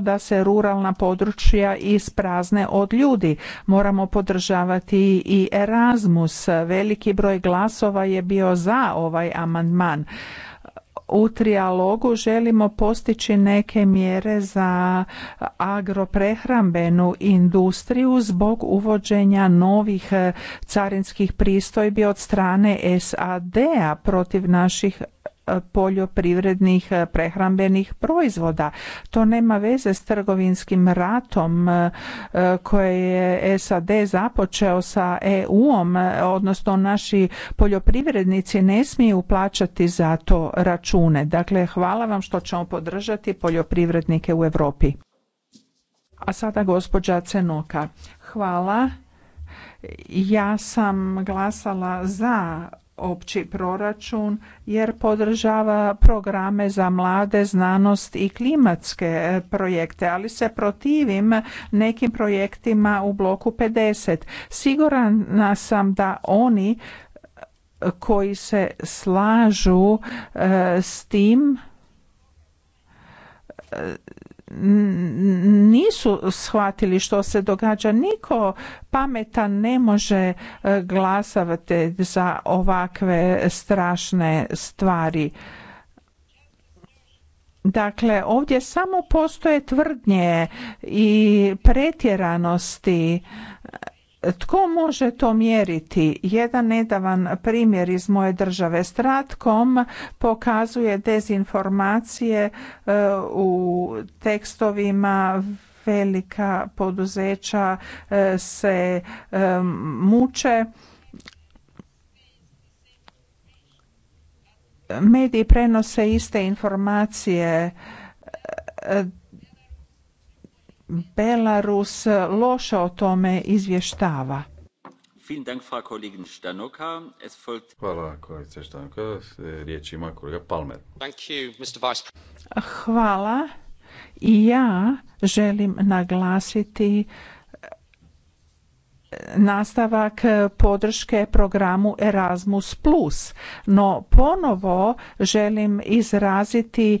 da se ruralna područja isprazne od ljudi. Moramo podržavati i Erasmus. Veliki broj glasova je bio za ovaj amandman. U trijalogu želimo postići neke mjere za agroprehrambenu industriju zbog uvođenja novih carinskih pristojbi od strane SAD-a protiv naših poljoprivrednih eh, prehrambenih proizvoda. To nema veze s trgovinskim ratom eh, koje je SAD započeo sa EU-om, eh, odnosno naši poljoprivrednici ne smiju plaćati za to račune. Dakle, hvala vam što ćemo podržati poljoprivrednike u Europi. A sada gospođa Cenoka. Hvala. Ja sam glasala za opći proračun jer podržava programe za mlade, znanost i klimatske e, projekte, ali se protivim nekim projektima u bloku 50. Sigurana sam da oni e, koji se slažu e, s tim nisu shvatili što se događa. Niko pametan ne može e, glasavati za ovakve strašne stvari. Dakle, ovdje samo postoje tvrdnje i pretjeranosti tko može to mjeriti? Jedan nedavan primjer iz moje države Stratkom pokazuje dezinformacije e, u tekstovima velika poduzeća e, se e, muče mediji prenose iste informacije Belarus loše o tome izvještava. Hvala kolegice Štanoka. Riječ ima kolega Palmer. Hvala. I ja želim naglasiti nastavak podrške programu Erasmus+. plus No ponovo želim izraziti e,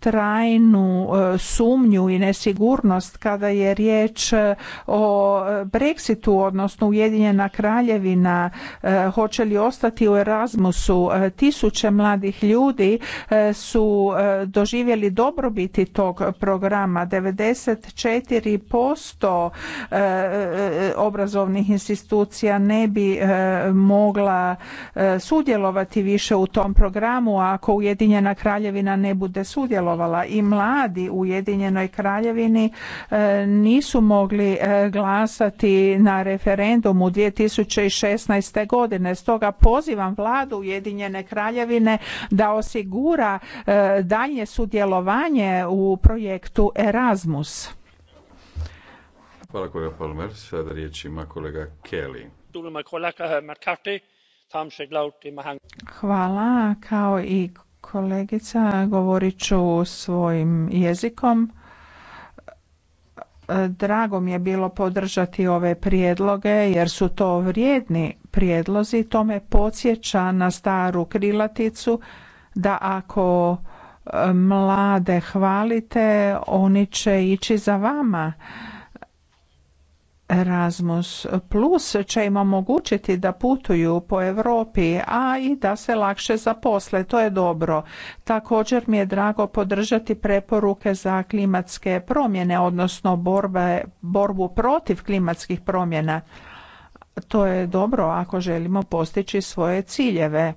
trajnu e, sumnju i nesigurnost kada je riječ e, o Brexitu, odnosno Ujedinjena kraljevina, hoće li ostati u Erasmusu. Tisuće mladih ljudi su doživjeli dobrobiti tog programa. 94% obrazovanja obrazovnih institucija ne bi e, mogla e, sudjelovati više u tom programu ako Ujedinjena kraljevina ne bude sudjelovala i mladi u Ujedinjenoj kraljevini e, nisu mogli glasati na referendumu 2016. godine. Stoga pozivam vladu Ujedinjene kraljevine da osigura dalje sudjelovanje u projektu Erasmus. Hvala kolega Palmer. Sada riječ ima kolega Kelly. Hvala. Kao i kolegica govorit ću svojim jezikom. Drago mi je bilo podržati ove prijedloge jer su to vrijedni prijedlozi. To me podsjeća na staru krilaticu da ako e, mlade hvalite oni će ići za vama Erasmus Plus će im omogućiti da putuju po Europi, a i da se lakše zaposle. To je dobro. Također mi je drago podržati preporuke za klimatske promjene, odnosno borbe, borbu protiv klimatskih promjena. To je dobro ako želimo postići svoje ciljeve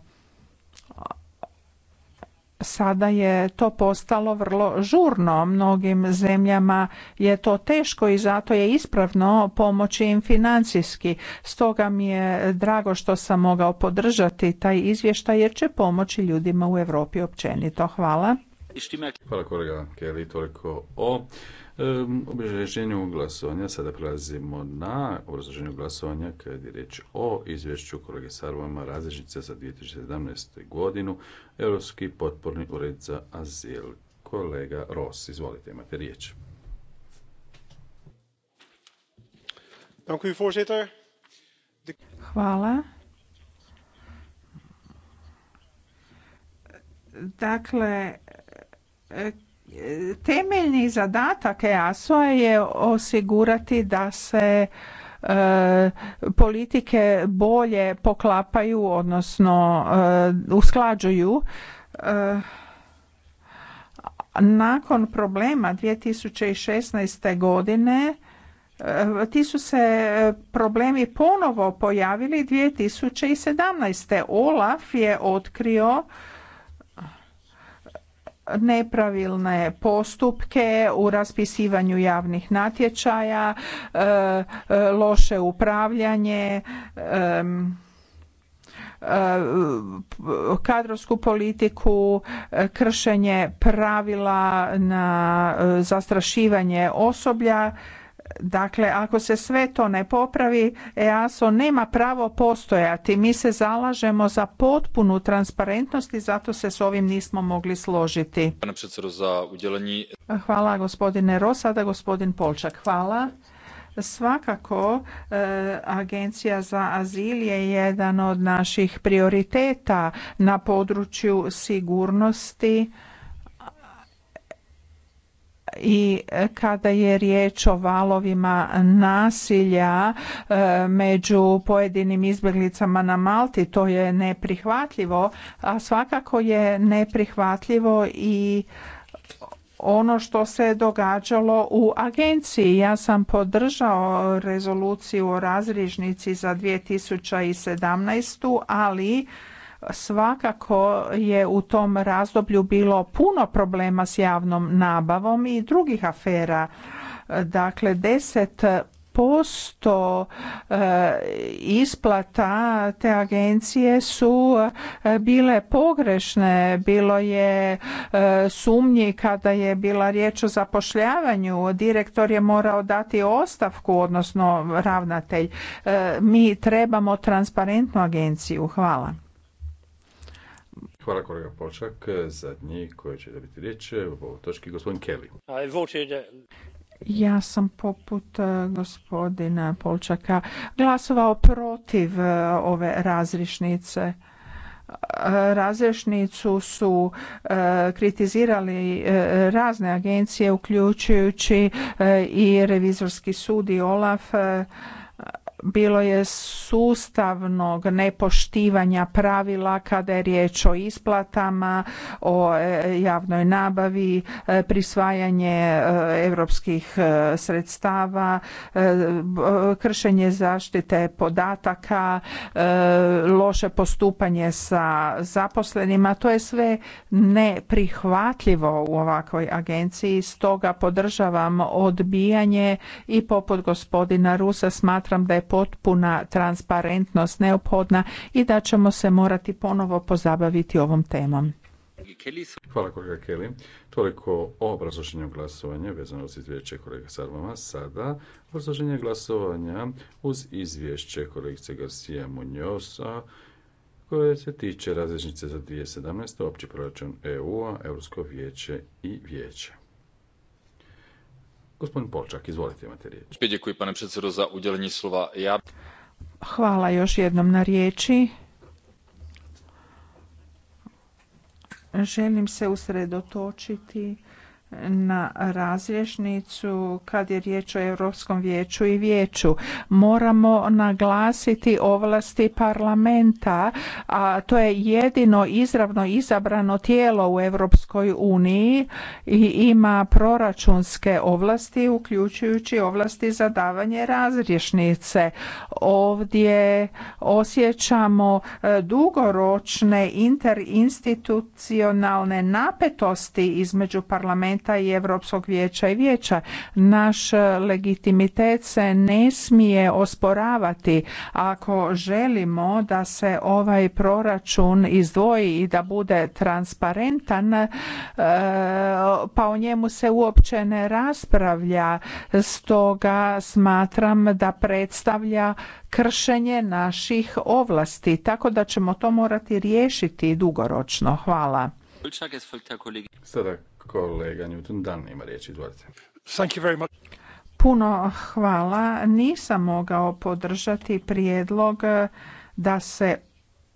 sada je to postalo vrlo žurno. Mnogim zemljama je to teško i zato je ispravno pomoći im financijski. Stoga mi je drago što sam mogao podržati taj izvještaj jer će pomoći ljudima u Europi općenito. Hvala. Hvala kolega toliko o obrazloženju glasovanja. Sada prelazimo na obrazloženju glasovanja kad je riječ o izvješću kolege Sarvama razrežnice za 2017. godinu Europski potporni ured za azil. Kolega Ros, izvolite, imate riječ. Hvala. Dakle, Temeljni zadatak EASO je osigurati da se e, politike bolje poklapaju odnosno e, usklađuju e, nakon problema 2016. godine ti su se problemi ponovo pojavili 2017. Olaf je otkrio nepravilne postupke u raspisivanju javnih natječaja, e, loše upravljanje, e, e, kadrovsku politiku, kršenje pravila na zastrašivanje osoblja Dakle, ako se sve to ne popravi, EASO nema pravo postojati. Mi se zalažemo za potpunu transparentnost i zato se s ovim nismo mogli složiti. Hvala gospodine Rosada, gospodin Polčak. Hvala. Svakako, e, Agencija za azil je jedan od naših prioriteta na području sigurnosti i e, kada je riječ o valovima nasilja e, među pojedinim izbjeglicama na Malti to je neprihvatljivo a svakako je neprihvatljivo i ono što se događalo u agenciji. Ja sam podržao rezoluciju o razrižnici za 2017. ali Svakako je u tom razdoblju bilo puno problema s javnom nabavom i drugih afera. Dakle, 10 posto e, isplata te agencije su e, bile pogrešne bilo je e, sumnji kada je bila riječ o zapošljavanju direktor je morao dati ostavku odnosno ravnatelj mi trebamo transparentnu agenciju hvala Hvala kolega Polčak. Zadnji koji će dobiti riječ u ovoj točki gospodin Kelly. Ja sam poput e, gospodina Polčaka glasovao protiv e, ove razrišnice e, razrešnicu su kritizirali razne agencije uključujući i revizorski sud i olaf bilo je sustavnog nepoštivanja pravila kada je riječ o isplatama, o e, javnoj nabavi, e, prisvajanje e, europskih sredstava, kršenje zaštite podataka, loše postupanje sa zaposlenima. To je sve neprihvatljivo u ovakvoj agenciji, stoga podržavam odbijanje i poput gospodina Rusa smatram da je potpuna transparentnost neophodna i da ćemo se morati ponovo pozabaviti ovom temom. Hvala kolega Kelly. Toliko o obrazloženju glasovanja vezano uz izvješće kolega Sarvama. Sada obrazloženje glasovanja uz izvješće kolegice Garcia Munoza koje se tiče različnice za 2017. opći proračun EU-a, Europsko vijeće i vijeće. Gospodin Polčak, izvolite imate riječ. pane za udjelenje slova. Ja... Hvala još jednom na riječi. Želim se usredotočiti na razrješnicu kad je riječ o Europskom vijeću i vijeću. Moramo naglasiti ovlasti parlamenta, a to je jedino izravno izabrano tijelo u Europskoj uniji i ima proračunske ovlasti, uključujući ovlasti za davanje razrješnice. Ovdje osjećamo e, dugoročne interinstitucionalne napetosti između parlamenta parlamenta i Europskog vijeća i vijeća. Naš legitimitet se ne smije osporavati ako želimo da se ovaj proračun izdvoji i da bude transparentan, e, pa o njemu se uopće ne raspravlja. Stoga smatram da predstavlja kršenje naših ovlasti, tako da ćemo to morati riješiti dugoročno. Hvala. Kolega Newton Dan ima riječ, izvolite. Thank you very much. Puno hvala. Nisam mogao podržati prijedlog da se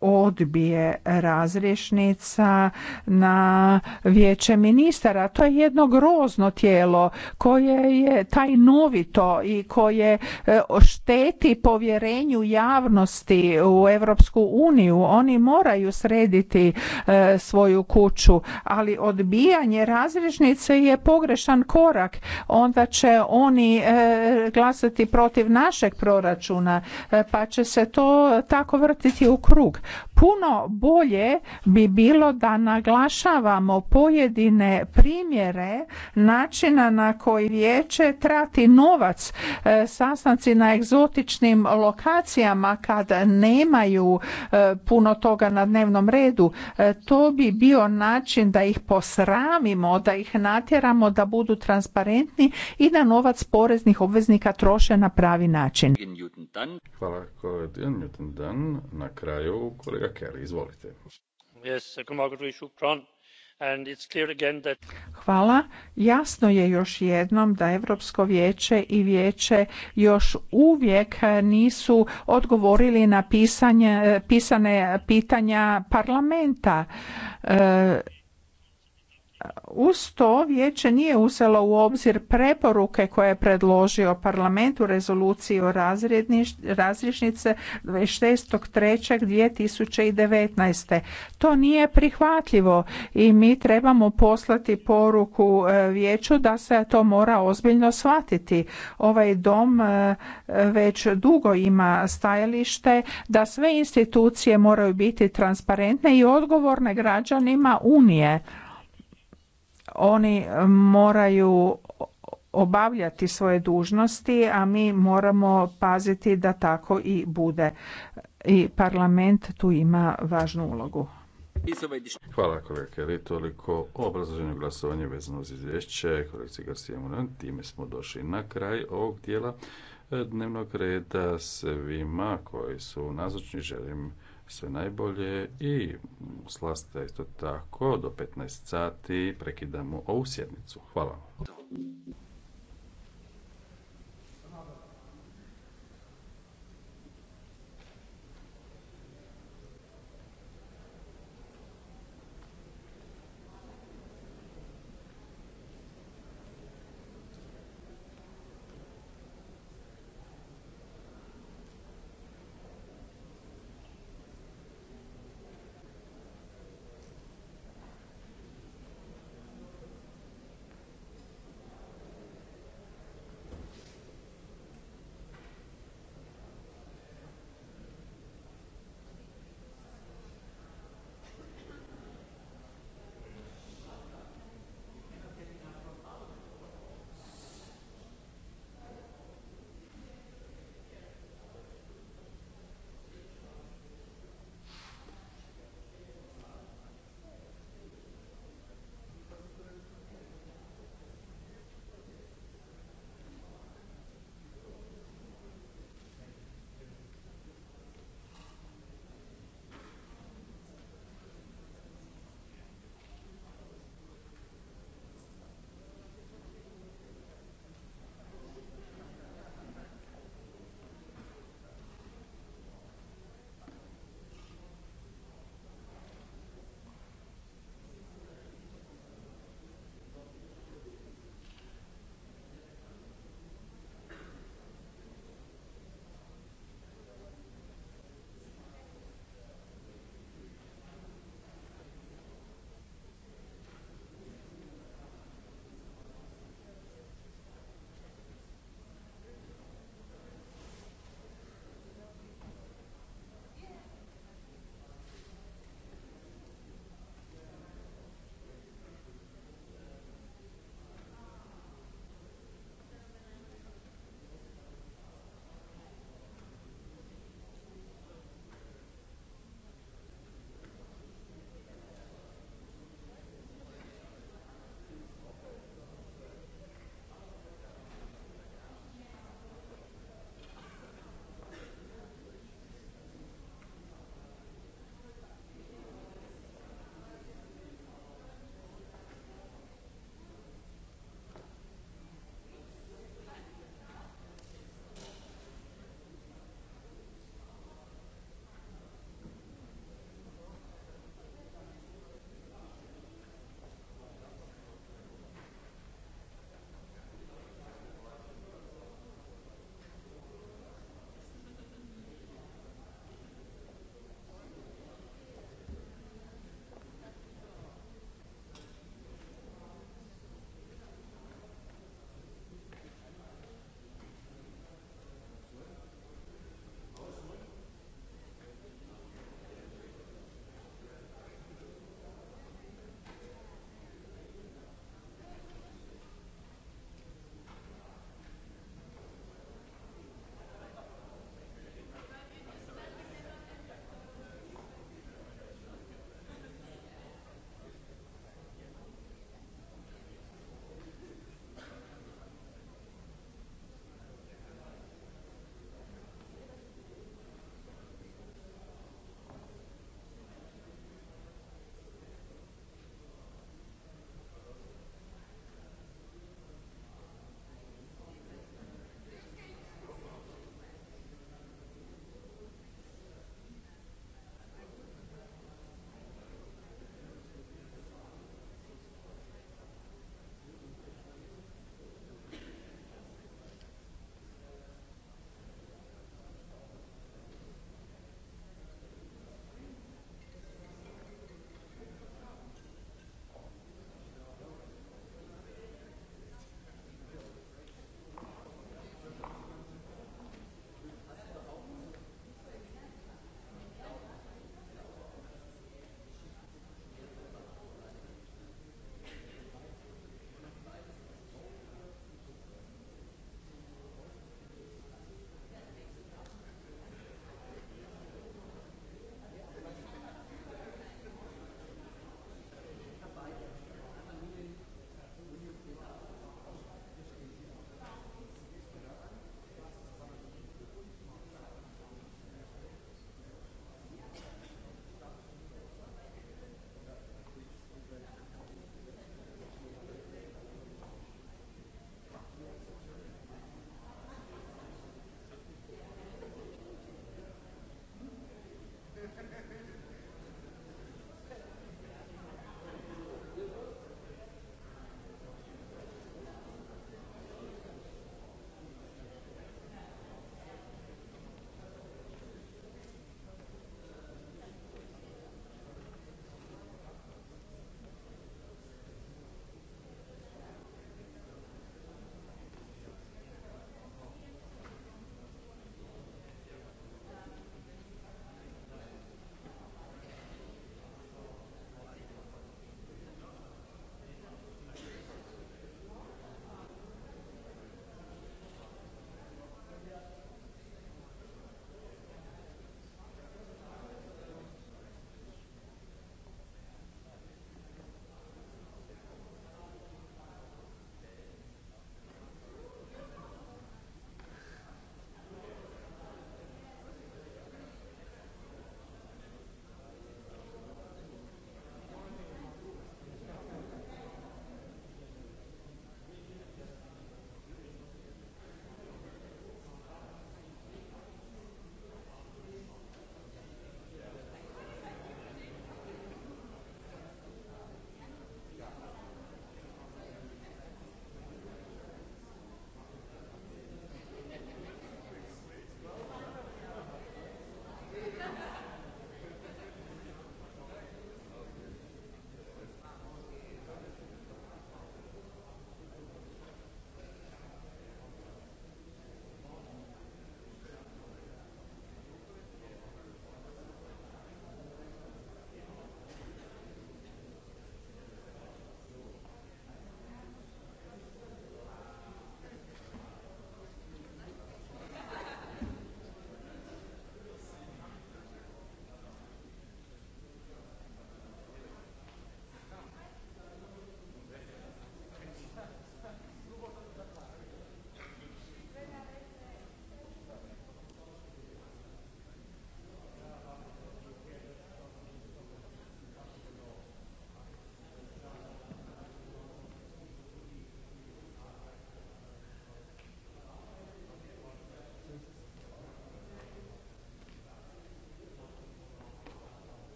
odbije razrješnica na vijeće ministara. To je jedno grozno tijelo koje je taj novito i koje e, šteti povjerenju javnosti u Europsku uniju. Oni moraju srediti e, svoju kuću, ali odbijanje razrješnice je pogrešan korak. Onda će oni e, glasati protiv našeg proračuna, pa će se to tako vrtiti u krug Puno bolje bi bilo da naglašavamo pojedine primjere načina na koji vijeće trati novac e, sastanci na egzotičnim lokacijama kad nemaju e, puno toga na dnevnom redu. E, to bi bio način da ih posramimo, da ih natjeramo da budu transparentni i da novac poreznih obveznika troše na pravi način. Hvala Dan. Na kraju Kolega Kelly, izvolite. Hvala. Jasno je još jednom da Europsko vijeće i vijeće još uvijek nisu odgovorili na pisane pitanja parlamenta. E, uz to vijeće nije uzelo u obzir preporuke koje je predložio parlament u rezoluciji o razrješnice 26.3.2019. To nije prihvatljivo i mi trebamo poslati poruku e, vijeću da se to mora ozbiljno shvatiti. Ovaj dom e, već dugo ima stajalište da sve institucije moraju biti transparentne i odgovorne građanima Unije oni moraju obavljati svoje dužnosti, a mi moramo paziti da tako i bude. I parlament tu ima važnu ulogu. Hvala kolega Kelly, toliko o obrazloženju glasovanja vezano uz izvješće. Kolegice Garcia time smo došli na kraj ovog dijela dnevnog reda. Svima koji su nazočni želim sve najbolje i slasta isto tako do 15 sati prekidamo ovu sjednicu. Hvala.